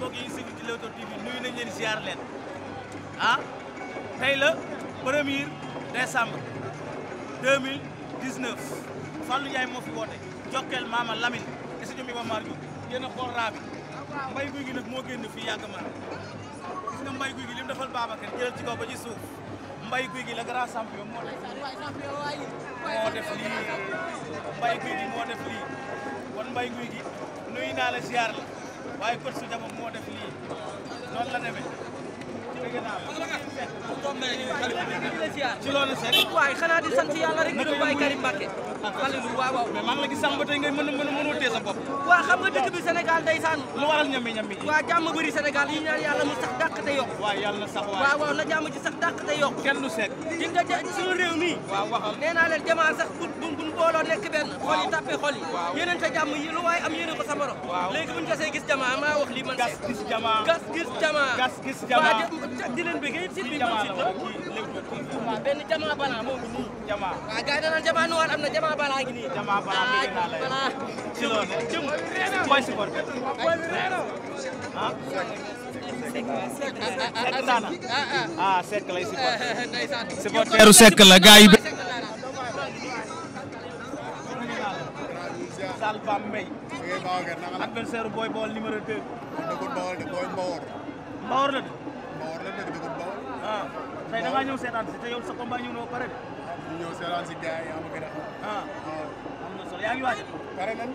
mbokk yi ñu sigg ci Leewtoo TV nuyu nañ leen ziar leen ah tey la premier décembre 2019 Fallou Ndiaye moo fi woote Jokkel Maama Lamine isa jombi ba maar Diop a xool raa bi mbay guy gi nag moo génn fii yàgg maar gis mbay guy gi li mu defal Babacar jëlal ci ba ci suuf mbay guy gi la grand champion moo def moo def lii mbay guy gi moo def lii kon mbay guy gi nuyu naa la ziar la waaye coach su Jama moo def lii noonu la demee ci loolu sax waaye xanaa di sant yàlla rek gërëm waay Karim Mbacke Falilou waaw waaw mais maa ngi la gis sànq ba tey ngay mën a mën a a tee sa bopp waaw xam nga dëkk bi Sénégal ndeysaan lu waral ñami ñami waaw jàmm bëri Sénégal yi ñaan yàlla mu sax dàq te yokk waaw yàlla na sax waaw waaw waaw na jàmm ci sax dàq te yokk kenn du seet di nga suñu réew mi waaw waxal nee naa leen jamaa sax bu bu booloo nekk benn xol yi tàppe xol yi yéenante jàmm yi lu waaye am yéene ak di leen bëggee sit bi moom sit la waaw benn jamaa balaa moom nii jamaa waaw gars yi danaan jamaa nu war am na jamaa balaa ngi nii jamaa balaa ah, bëgg naa la balaa ci loolu jëm mooy si bor bi ah Seck daana ah Seck lay supporter ah, ah, supporteru Seck la gars yi Sall Bam Mbaye adversaire Boy Baol numéro 2 Boy Baol de Boy Mbaor Mbaor la de Bawol la nekk dëkk Bawol. ah tey da ngaa ñëw seetaan si te yow sa combat ñëw na ba pare de. ñu ñëw seetaan si gars yi am gën a xam. ah waaw ah. am na solo yaa ngi waaj. pare nañ.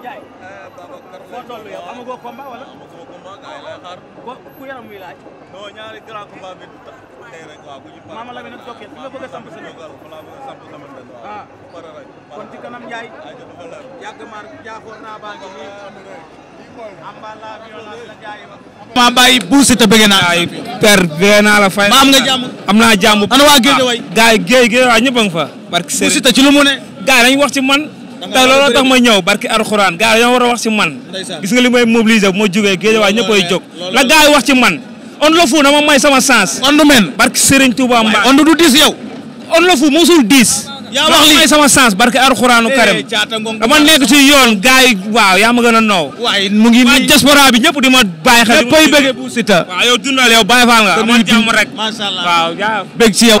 Ndiaye. Eh, Babacar foo toll yow amagoo combat wala. amagoo combat gars yi lay xaar. ko ku yaram muy laaj. non ñaari grand combat bi tey rek waaw bu ñu paree. maama la bi nag tokkee fi la bëgg a samp sa nekk. waaw bëgg a samp sama mbéy mi. ah pare rek. kon ci kanam Ndiaye. yàgg maar jaaxoon naa baa ngi nii. maa bàyyi buusi te bëgg naa. ay per bëgg naa la fay. ma am na jàmm am naa jàmm. ana waa géej waay. Ah, gars yi géej ñëpp a ngi fa. barki sëriñ buusi te ci lu mu ne. gars yi dañuy wax ci man. te looloo tax ma ñëw barki alxuraan gars yi dañoo war a wax ci man. gis nga li may mobiliser bu ma jógee géej waay ñëpp ay jóg. la gars wax ci man. on le na dama may sama sens. on du men barki sëriñ Touba Mbaye. on du diis yow. on le fou mosul diis. yaa wax lii sama sens barke alxuraanu eh, karim dama nekk ci yoon gars waaw yaa ma gën a noow. waay mu ngi ni diaspora bi ñëpp di ma bàyyi xel. ñëpp ay bëgg bu Siteu. waaw dundal yow bàyyi faal nga. amoon jàmm rek macha allah bëgg ci yow.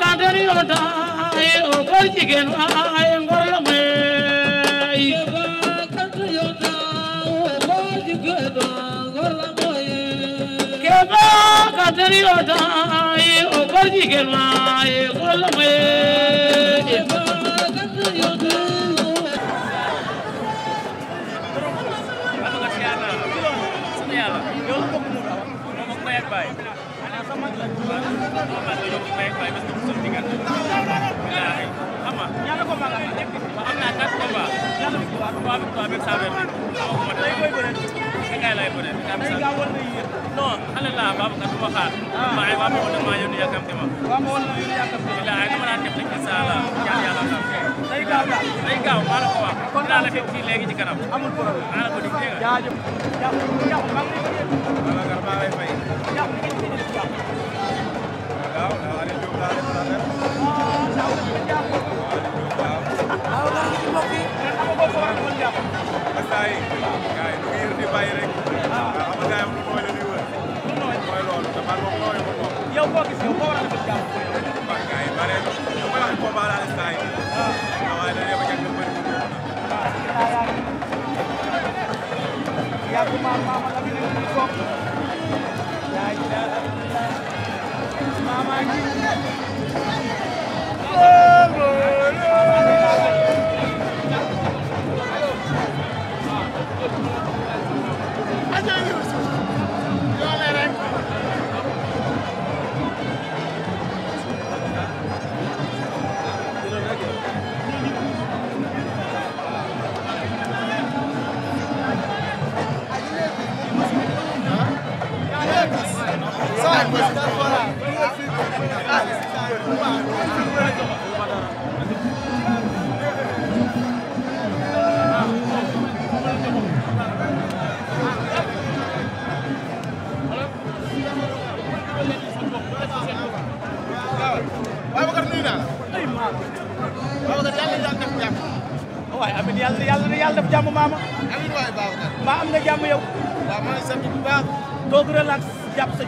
kantani yolota o góor jigéen ay ngor la may keba kantani yolota o góor jigéen ay ngor la may Bye. waaw ma woon na yow yaakaar naa ne. day gaaw daal day gaaw maa la ko wax. kon naa la fekk fii léegi ci kanam. amul problème maa la ko dig dégg nga. jaajëf jaajëf maa ngi lay fay. Babacar maa lay fay. jaajëf ngeen fi nekk waaw. waaw waaw Aliou Diop laa def laa def. waaw daaw la ñu jàpp. waaw Aliou Diop waaw. waaw laa ngi ci mbokk yi. ren am nga ko war a doon jàpp. ak saa yi. gars yi du ngeen di bàyyi rek. waaw xam nga gars yi am na mooy la ñuy wër. mooy loolu dafa am moom mooy moom. yow koo gis yow koo war a doon jàpp. waaw gars yi bare na. dama la wax combat la ak saa yi. waaw. yaa ko maam maam ak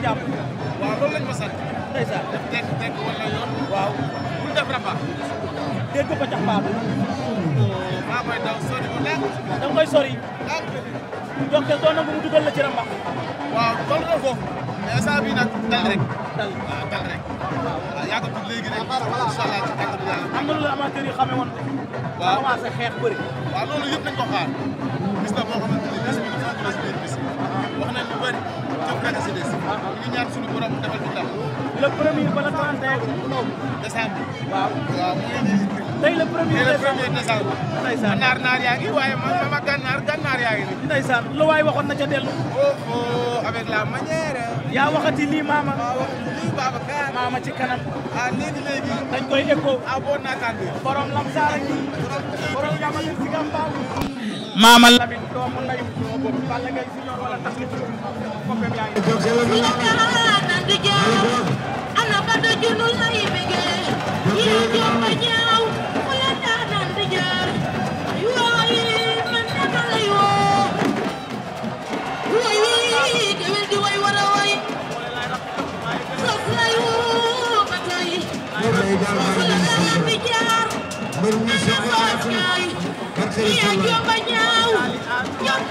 jàpp waaw loolu lañ ma sant. def tekk tekk wala yoon. waaw bul def rapa. dégg ko cax baabu. maa koy daw sori bu nekk. da nga koy sori. ah. donc doo nangu mu waaw toll na foofu. mais instant bii nag dal rek. dal rek. waaw yaa ko léegi rek. incha allah ci kàddu la amateur yi xamee woon waaw commencé xeex bëri. waaw loolu yëpp nañ ko xaar. bis la boo xamante ni bis bi dafa am kañ si des. waaw ñu ñaan suñu borom defal ñu tax. le premier ba le 31. décembre. waaw waaw mooy lii. tey le premier décembre tey le premier décembre. ndeysaan naar naar yaa ngi waaye man ma gànnaar gànnaar yaa ngi nii. ndeysaan lu waay waxoon na ca dellu. oh oh avec la manière. yaa waxati lii maama. waaw waxati lii Babacar. maama ci kanam. ah léegi léegi. dañ koy écho. ah boo naataangee. borom lamsaara gi. borom jamono si gàmbaaw. maama Lamine doomu ndeyu Balla Gaye Junior wala tax na ci boppam yaa ngi ñu karaa na di jaaw ana ka do junu lay bege yi jom ñaaw wala daanan di jaar yooyi man dama lay woo wooyi gewel di way wara way sos lay woo ba tey sos la daanan di jaar man dama lay woo ba tey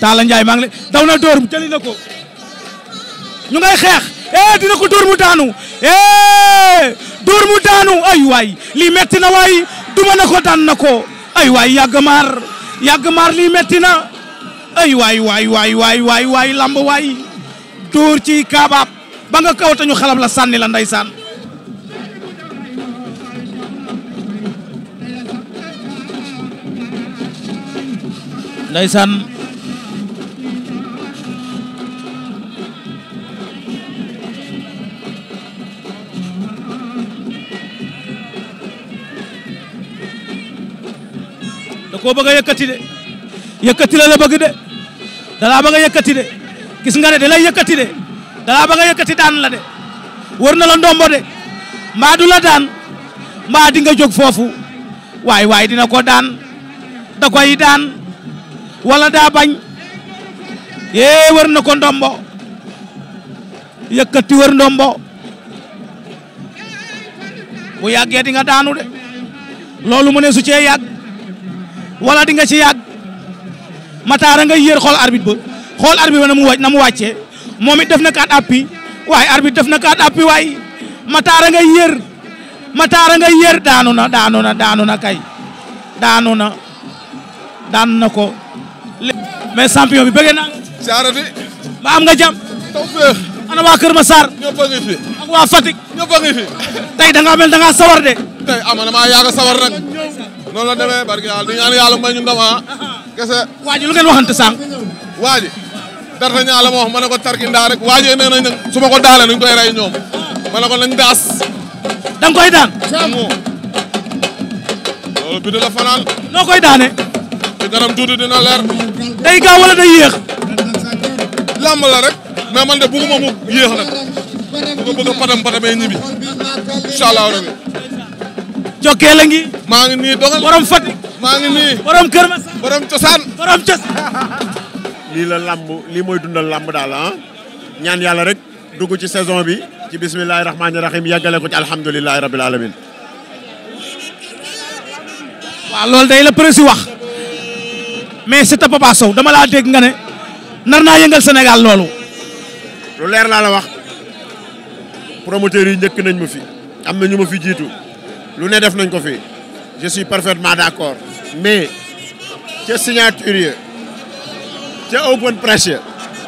Talla Ndiaye maa ngi lay daw na dóor jëli na ko ñu ngay xeex eh dina ko dóor mu daanu eh dóor mu daanu ay waay lii metti na duma na ko daan na ko ay waay yàgg maar yàgg maar lii metti na ay waay waay waay waay waay waay lamb waay dóor ci kaabaab ba nga kaw tañu xalab la sànni la ndeysaan ndeysaan koo bëgg a yëkkati de yëkkati la la de dalaa bëgg a de gis nga de da lay yëkkati de dalaa bëgg a daan la de wër na la ndombo de mbaa la daan mbaa di nga jóg foofu waay waay dina ko daan da daan wala daa bañ yee wër na ko ndombo yëkkati wër ndombo bu yàggee di nga daanu de loolu mu ne su cee yàgg wala di nga ci yàgg mataara nga yéer xool arbitre ba xool arbitre ba na mu wàcc na mu wàccee moom it def na kaat appi waaye arbitre def na kaat appi waaye mataara nga yéer mataara nga yéer daanu na daanu na daanu na kay daanu na daanu na ko mais champion bi bëgg naa saarati ba am nga jàmm ana waa Kër ma ñëpp a ngi fi a ngi fi tey mel da sawar de tey ama na maa yaaga sawar nag noonu la demee barke yàlla di ñaan yàlla may ñu ndam ah. kese waa ji lu ngeen waxante sànq. waa ji dara ñaa la ma wax ma ne ko tarkindaa rek waaj ji nee nañ nag su ma ko daale nañ koy rey ñoom ma ne ko nañ daas. da nga koy daan. loolu bi du la fanaan. noo koy daane. ci kanam tuuti dina leer. day gaaw wala da yéex. làmb la rek mais man de bëgguma mu yéex na bu ko bëgg a patam patamee ñibbi incha allah rabbi jokkee la ngi. maa ngi nii borom Fatick. maa ngi borom cosaan lii la làmb lii mooy dundal làmb daal ah ñaan yàlla rek dugg ci saison bi ci bismillahi rahmaani rahim yàggale ko ci alhamdulilahi rabil alamin waaw loolu day la presi wax mais c'est Papa Sow dama laa dégg nga ne nar naa yëngal Sénégal loolu lu leer laa la wax promoteurs yi njëkk nañ ma fi am na ñu ma fi jiitu lu ne def nañ ko fi je suis d'accord mais ca signature ya ca open press ya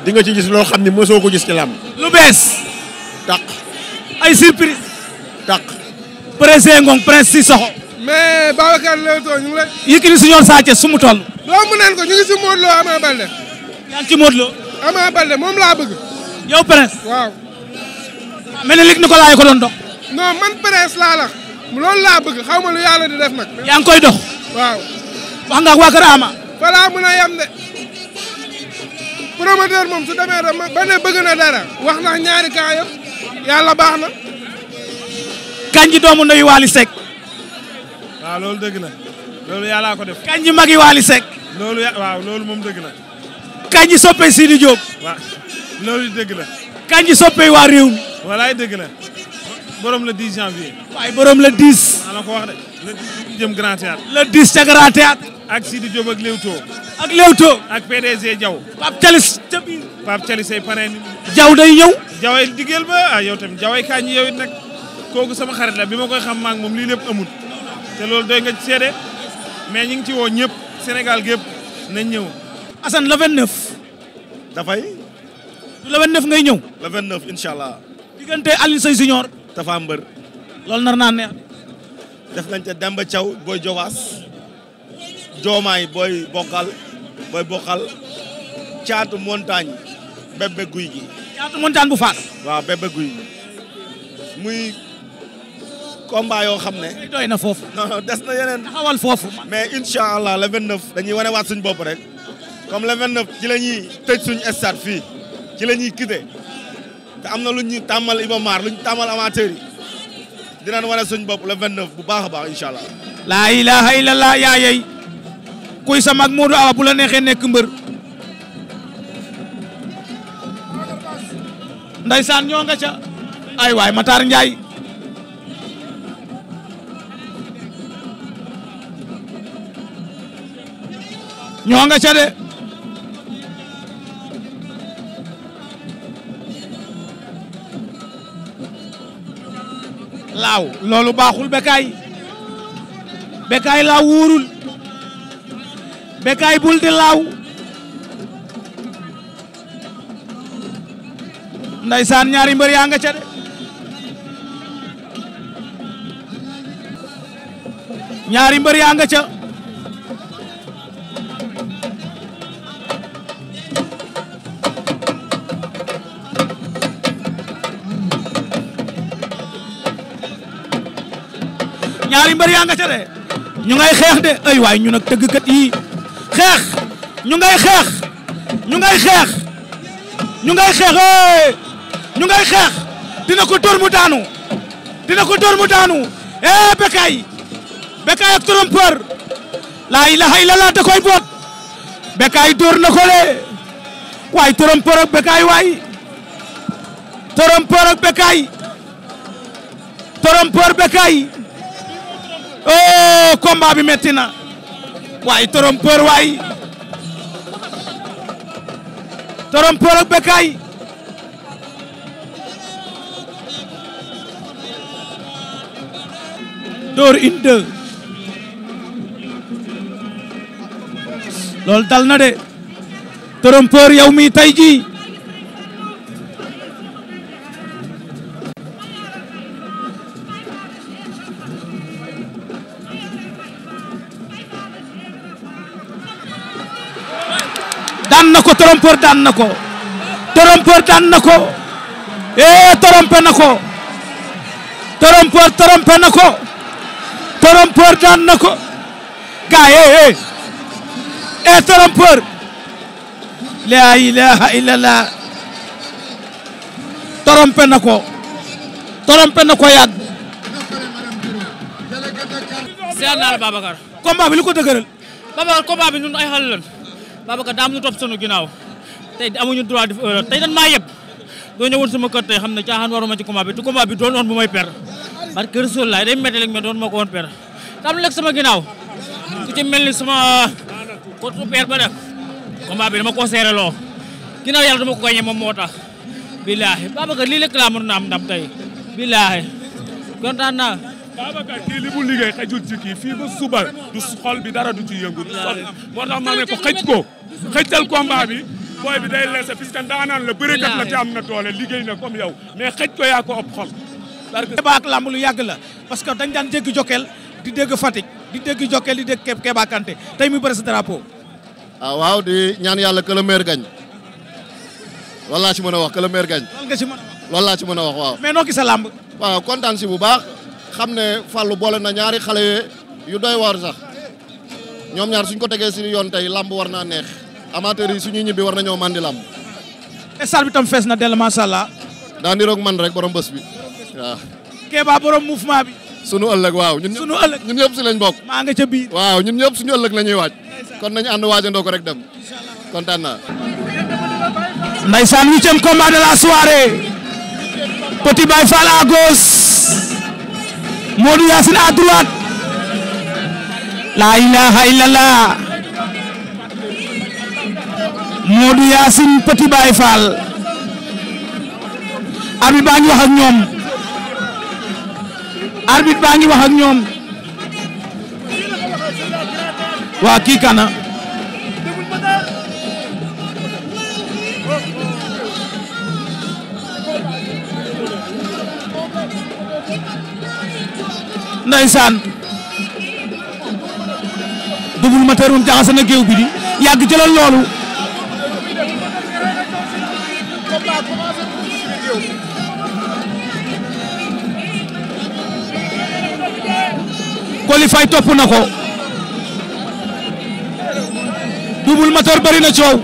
di nga ci gis loo xam ne mosoo ko gis ci làmb lu bees taq ay surprise taq pressé ngong presse si soxo mais Babacar Leewtoo ñu ngi lay Yékini Junior Sa Thiès su mu toll loo ko ñu ngi si Modou Lo Ama yaa ci Modou Lo Ama moom laa bëgg yow presse waaw mel ne lig ni ko laay ko doon dox man presse laa loolu laa bëgg xaw ma lu yàlla di def nag. yaa ngi koy dox. waaw. wax nga ak waa Kër Ama. balaa mën a yem su demee dama ba ne bëgg na dara. wax na ñaari cas yëpp baax na. kanji doomu ndeyu Waly sek waaw loolu dëgg na loolu yàllaa ko def. kanji magi Waly Seck. loolu ya waaw loolu moom dëgg na. kanji soppe Sidi Diop. waaw loolu dëgg na. kanji soppe waa réew mi. borom la 10 janvier. waaye borom le 10. maa la ko wax de le 10 jëm Grand Théâtre. le 10 ca Grand Théâtre. ak Sidi Diop ak Leewtoo. ak Leewtoo. ak PDG Diaw. Pape Thialis ca biir. Pape Thialis ay day ñëw. jaw ay diggeel ba ah yow tamit jaw ay kañ yow it nag kooku sama xarit la bi ma koy xam maa moom lii lépp amul. te loolu doy nga ci mais ñu ngi ci woo ñëpp Sénégal gépp nañ ñëw. la vingt 29. dafay. du le 29 ngay ñëw. le 29 incha allah. diggante Alioune Sèye Junior. Tafa Mbër. loolu nar naa neex. def nañ ca Demba caw booy Jowaas Joomaay booy bokal booy bokkal caatu montagne bébé guy gi. caatu montagne bu faas. waaw bébé guy muy combat yoo xam ne. doy na foofu. non des na yeneen. taxawal foofu. mais incha allah le 29. dañuy wane waat suñ boobu rek comme le 29 ci la ñuy tëj suñ stade fii ci la ñuy quitté. te am na lu ñu tàmmal Iba Mar lu ñu tàmmal amateur yi dinañ wane suñ bopp le 29 bu baax a baax incha allah. laa ilaha illallah yaa kuy sa mag Modou Awa bu la neexee nekk mbër. saan ñoo nga ca ay waay Matar Ndiaye. ñoo nga ca de. laaw loolu baaxul bekaay bekaay laaw wóorul bekaay bul di laaw ndaysaan ñaari mbër yaa nga ca de ñaari mbër yaa nga ca yaa nga ca de ñu ngay xeex de ay waay ñu nag tëggkat yi xeex ñu ngay xeex ñu ngay xeex ñu ngay ñu ngay xeex dina ko dóor mu daanu dina ko dóor mu daanu eh Bécaye Bécaye ak trompeur laa ilaha illallah koy boot Bécaye dóor na ko le waay trompeur ak Bécaye waay trompeur ak Bécaye trompeur Bécaye oh combat bi metti na waaye trompeur waay trompeur ak Bécaye door une deux loolu dal na de trompeur yow mii tey jii trompeur daan na ko trompeur daan na ko eh ko trompeur trompé ko trompeur daan na ko gaa eh eh, eh ko trompé na ko yàgg bi lu ko dëgëral Babacar daa am ñu topp sunu ginnaaw tey amuñu droit def erreur tey dan maa yëpp doo ñëwoon sama kër tey xam na caaxaan waruma ci combat bi te combat bi doon woon bu may per parce que Rasulullah day metti mais doon ma ko woon per tam lekk sama ginnaaw ku ci mel ni sama kotu per ba def combat bi dama ko seere loo ginnaaw yàlla dama ko gañe moom moo tax billaahi Babacar lii lekk laa mën na am ndam tey billaahi kontaan naa Babacar kii li mu liggéey xëjul ci fii ba suba du xol bi dara du ci yëngu du sol moo tax ma ne ko xëj ko xëjtal combat bi booy bi day leese puisque ndaanaan la bërekat la te am na doole liggéey na comme yow mais xëj ko yaa ko ëpp xol débat lamb lu yàgg la parce que dañ daan dégg Jokal di dégg Fatick di dégg Jokal di dégg Keba Kanté tey muy bëre sa drapeau ah, waaw di ñaan yàlla que le maire gagne mën a wax que le maire gagne mën a wax loolu laa waaw mais noo xam ne Fallou boole na ñaari xale yu doy waar sax ñoom ñaar suñ ko tegee suñu yoon tey làmb war naa neex amateur yi suñuy ñibbi war nañoo mandi làmb. stade bi tam fees na dell macha allah. daa niroog man rek borom bés bi waaw. Kéba borom mouvement bi. sunu ëllëg waaw ñun sunu ëllëg ñun ñëpp si lañ bokk. maa nga ca biir. waaw ñun ñëpp suñu ëllëg la ñuy waaj. kon nañu ànd waajandoo ko rek dem kontaan naa. Ndeysaan huitième combat de la soirée. Petit Baye Fall à Modou Yacine à droite la ilaha illallah Modou Yacine Petit Baye Fall arbitre baa ngi wax ak ñoom baa ngi wax ak ñoom waa ndeysaan Double Moteur moom jaxase na géew bi di yàgg jëlal loolu qualify topp na ko Double Moteur bari na coow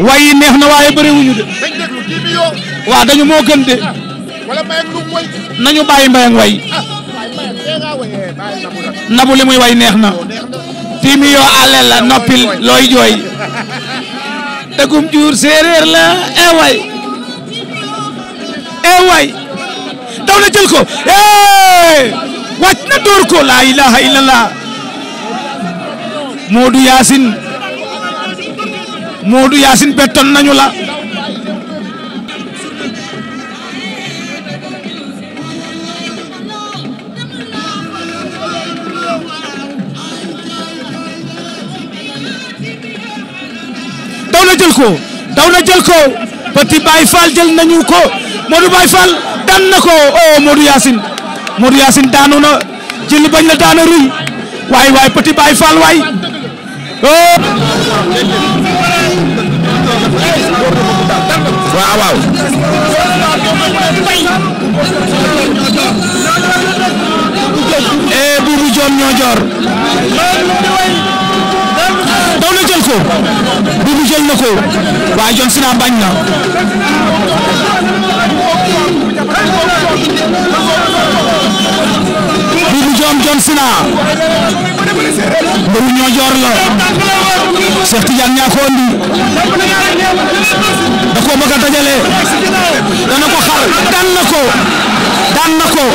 way yi neex na waaye bëri wuñu de. waaw dañu moo gën de. nañu ah, bàyyi mbay ak way. nabu li muy way neex na. dix millions àll la noppil looy jooy. dëggum jur séeréer la eh way. eh way. daw na jël ko. wàcc na dóor ko. laa ilaha illallah. Modou Yacine. Modou Yacine bettoon nañu la daw na jël ko daw na jël ko Petit Baye Fall jël nañu ko Modou Baye Fall daan na ko oh Modou Yacine Modou Yacine daanu na jël bañ la daana ruy waay waay Petit Baye Fall waay oh ko waaye John Sina bañ na Buubu Diom John Sina mbëru ñoo joor la Cheikh Tidiane ñaa ko andi da koo bëgg a dana ko xar daan ko daan ko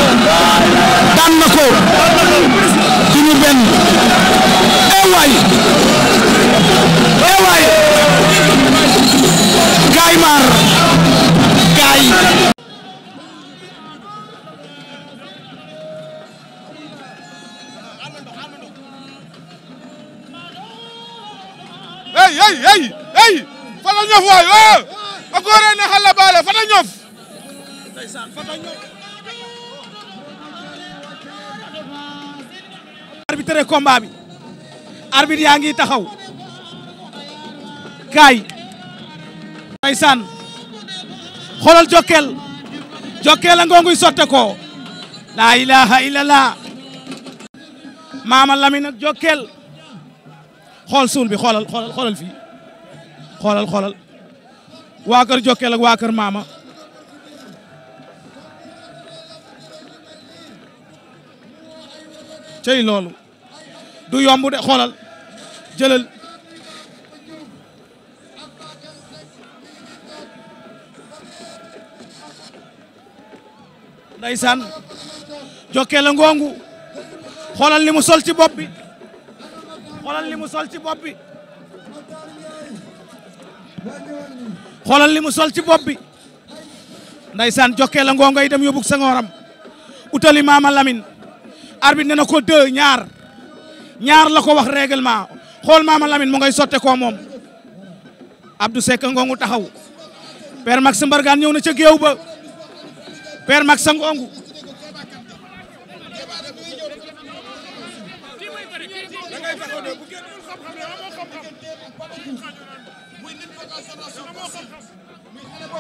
daan na ko duñu benn eh waay eh waay ay ay ay fata ñof waay eh, o a goore ne xala baale fata ñof arbitre combat bi arbitre yaa ngi taxaw kaay ndeysaan xoolal jokkeel jokkeel a ngonguy sotte ko laa ilaha illallah maama Lamine ak jokkeel xool suul bi xoolal xoolal xoolal fii xoolal xoolal waa kër Jokkel waa kër Maama cey loolu du yomb de xoolal jëlal ndeysaan Jokkel a ngongu xoolal li mu sol ci bopp bi xoolal li mu sol ci bopp bi xoolal li mu sol ci bopp bi ndaysaan jokkee la ngoo ngay dem yóbbu sangooram utali maama Lamine arbitre ne na ko deux ñaar ñaar la ko wax règlement xool maama Lamine mu ngay sotte ko moom Abdou Seck ngongu taxaw Père Max Mbargane ñëw na ca géew ba Père Max sa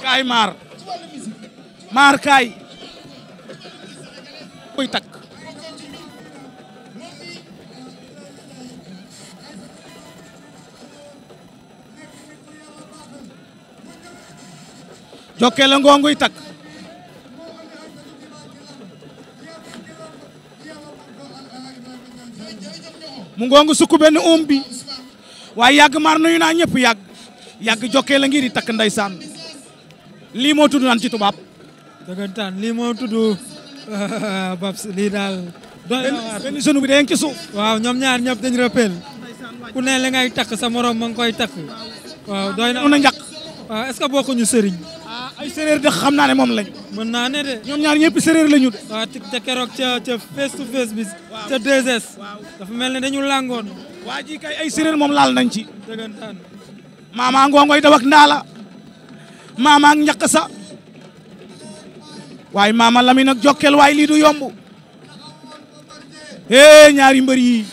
kaay maar maar takk jokkee la takk mu ngoongu sukk benn um bi waaye yàgg maar nuyu naa ñëpp yàgg yàgg jokkee la ngir di takk ndeysaan lii moo tudd naan ci tubaab. dëggantaan lii moo tudd Babs lii daal. doy na waar benn jeune bi day ci suuf. waaw ñoom ñaar ñëpp dañu rappel ku ne la ngay takk sa morom ma ngi koy takk. waaw doy na mun a ñàkk. waaw est-ce que bokkuñu sëriñ. Ah, ay séeréer dëkk xam naa ne moom lañ. mën naa ne de. ñoom ñaar ñëpp séeréer lañu de. waaw te keroog ca ca face to face bi. ca 2 dafa mel ne dañu làngoon. waa ji kay ay séeréer moom laal nañ ci. dëggantaan. maama ngooŋooy daw ak ndaala. maama ak ñàkk sa waaye maama Lamine ak Jokkel waaye yomb ñaari mbër yi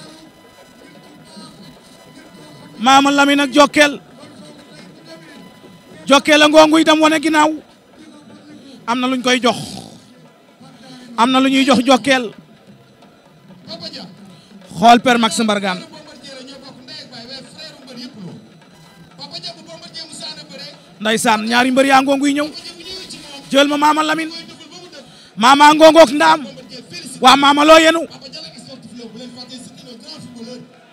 maama Lamine ak Jokkel Jokkel a ngongu wane ginnaaw am na luñ koy jox am na lu ñuy jox Jokkel xool per Max Mbargane ndaysaan ñaari mbër yaa ngonguy ñëw jël ma maama Lamine maama ngongook ndaam waa maama loo yenu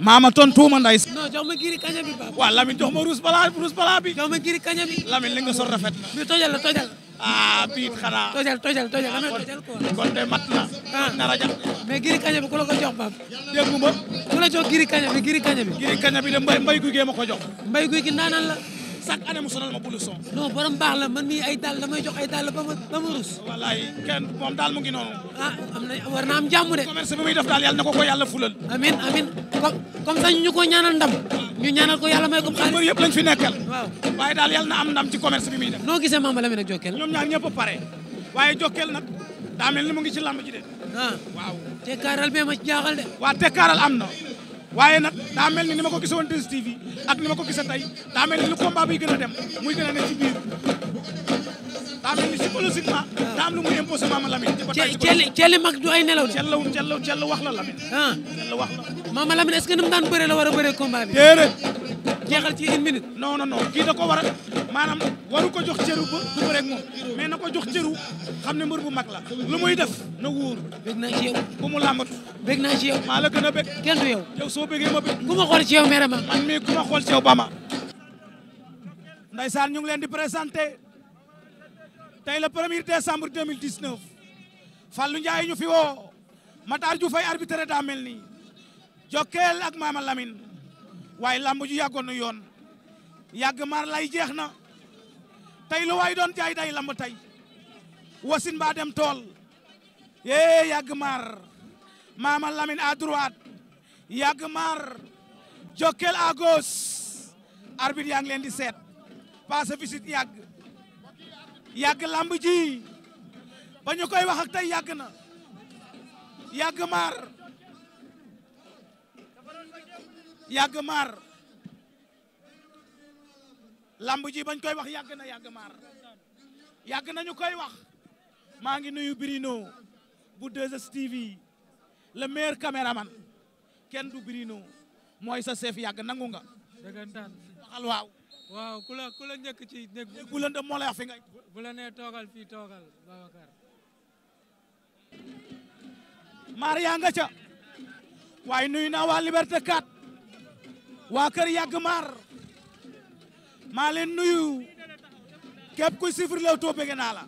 maama tontuuma ndays non jox waa Lamine jox ma ruus balaa ruus balaa bi jox ma giri kaña bi Lamine li nga sor rafet mi tojal la tojal ah biit xanaa. tojal tojal tojal ah, damay tojal na. ah nara jàpp. mais giri kaña bi ku la ko jox Pape. déggu ma. ku la jox giri kaña bi giri bi. giri kaña bi de ma ko jox. mbay guy gi chaque année mu sonal ma bu lu son non borom baax la man mii ay dàll damay jox ay ba ma rus wallaay kenn moom daal mu ngi noonu ah, am na war na am jàmm de commerce bi muy def daal yàlla na ko ko yàlla fulal amin amin comme comme ça ñu ko ñaanal ndam ñu ñaanal ko a may ko xaalis mbër yëpp lañ fi nekkal waaw waaye daal yàlla na am ndam ci commerce bi muy def noo gisee Mama Lamine ak Jokkel ñoom ñaar ñëpp pare waaye Jokkel nag daa mel ni mu ngi ci lamb ji de ah. waaw tekkaaral bee ma ci jaaxal de waaw am na waaye nag daa mel ni ni ma ko gisoon 2STV ak ni ma lu combat bi gën a dem muy gën a nekk ci biir daa mel ni psychologiquement daa am lu muy imposé Mama Lamine. ci ci li mag ay nelaw de. cellaw cellaw cellaw wax la Lamine. ah cellaw wax la. Mama Lamine est-ce que ni mu daan bëre la war a bëree combat jeexal ci une minute. non non non kii da ko war a maanaam waru ko jox cëru ba du moom mais na ko jox cëru xam ne mbër bu mag la lu muy def na wóor. dégg naa ci bu mu làmbatu. bég naa ci yow. maa la gën a bég. kenn du yow. yow soo bégee ma bég. ku ma ci yow mere ma. man mii ku ma ci yow ba ma. ndaysaan ñu ngi leen di présenté tey la premier décembre 2019 Fallou Ndiaye ñu fi woo Matar ju fay arbitré daa mel nii Jokkel ak Mama Lamine waaye lamb ju yàggoon na yoon yàgg mar lay jeex na tey lu waay doon jaay day lamb tey wasin ba dem tool yee yàgg maar Mama lamin à droite Yagmar Jokkel à gauche leen di seet passe visite yàgg yàgg lamb ji ba ñu koy wax ak tey yàgg na Yagmar Yagmar lamb ji bañ koy wax yàgg na Yagmar yàgg nañu koy wax maa ngi nuyu Birino bu 2STV le meilleur caméraman kenn du Bruno mooy sa chef yàgg nangu nga. dëggantaan waaw. waaw ku la ci néeg bu la moo lay fi nga. bu la nga ca. waaye nuyu naa waa Liberté 4. waa kër yàgg maar. maa leen nuyu. képp kuy suivre Leewtoo bëgg naa la.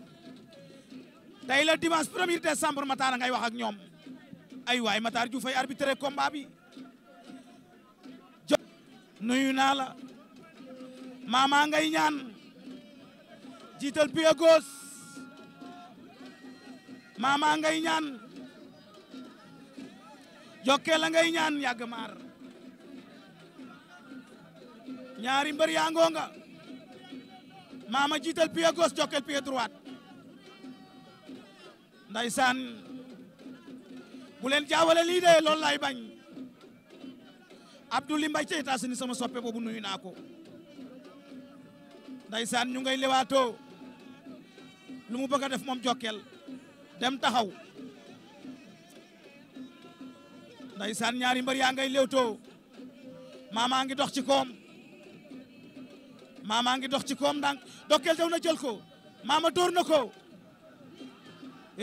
tey la dimanche premier décembre ma ngay wax ak ñoom. ay waay Matar Diouf ay arbitré combat bi jo nuyu naa la mama ngay ñaan jiital pied gauche mama ngay ñaan jokkee nga ngay ñaan yàgg ñaari mbër yaa ngoonga mama jiital pied gauche jokkeel pied droite ndeysaan bu leen jaawale lii de loolu lay bañ Abdoulaye Mbaye ca États-Unis sama soppe boobu nuyu naa ko ndaysaan ñu ngay lewaatoo lu mu bëgg a def moom Jokkel dem taxaw ndaysaan ñaari mbër yaa ngay lewtoo maamaa ngi dox ci koom maamaa ngi dox ci koom ndànk Jokkel daw na jël ko maama dóor na ko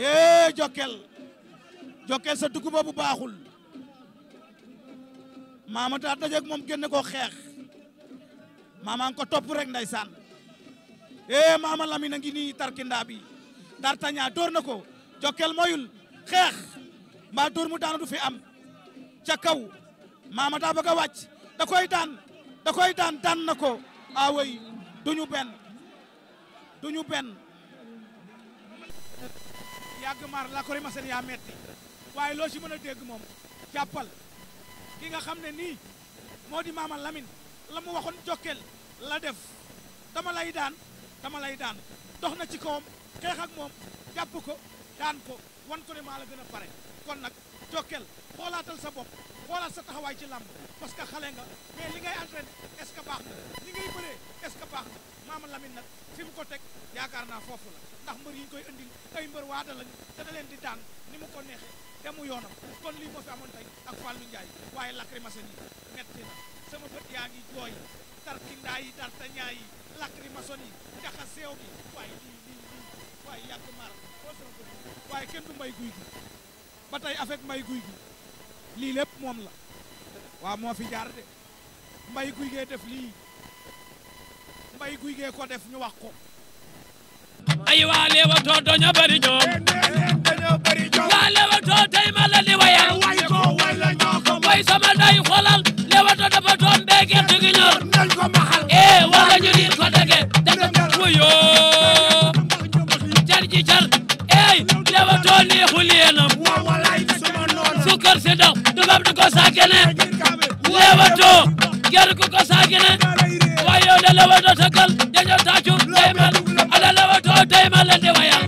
ee Jokkel jokkee sa dugub boobu baaxul maama daa dajeeg moom génne koo xeex maama nga ko topp rek ndeysaan eh maama Lamine a ngi nii tarkindaa bi D'artagnan door ko Jokkel moyul xeex mbaa door mu daanu du fi am ca kaw maama daa bëgg a wàcc da koy daan da koy daan daan na ko aaway ah duñu benn duñu benn yàgg maar la ko rimaseen yaa metti waaye loo ci mën a dégg moom jàppal ki nga xam ne nii moo di maama Lamine la mu waxoon jokkeel la def dama lay daan dama lay daan dox na ci kawam xeex ak moom jàpp ko daan ko wan ko ne maa la gën a pare kon nag jokkeel xoolaatal sa bopp xoolaat sa taxawaay ci làmb parce que xale nga li ngay entraîné est ce que baax li ngay bëree est ce que baax na maama Lamine nag fi mu ko teg yaakaar naa foofu la ndax mbër yi ñu koy indil ay mbër waa lañu te da leen di daan ni mu ko neexee te mu yoonam kon lii moo fi amoon waaye lacrymogène yi metti na sama bët yaa ngi jooy tarkindaa may guy gi may guy lépp moom la waaw moo fi jaar guy gee def guy gee ko wax ko ay waa leewa too bari ñoom nga leewatoo tey la li wayal way sama nday xoolal leewatoo dafa doon bee gerte gi ee eh, wala ñu niin ko dege daga wuyoo jar ji jar ey leewatoo nii xuliyeenam sukkar si dox dugub du ko saakene leewatoo ger ku ko saakene wayo de leewatoo tagal dañoo taacu tey ma ala leewatoo tey ma la li wayal